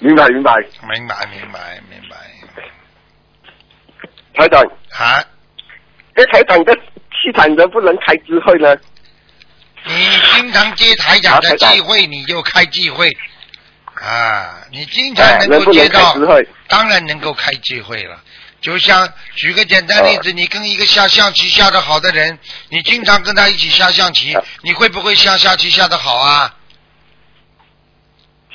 明白、哦、明白，明白明白明白。明白明白台長，啊，這台長的，氣場能不能開智慧呢？你經常接台長的機會，你就開智慧啊，啊！你經常能夠接到，智慧當然能夠開智慧了。就像舉個簡單例子，啊、你跟一個下象棋下得好的人，你經常跟他一起下象棋，啊、你會不會下象棋下得好啊？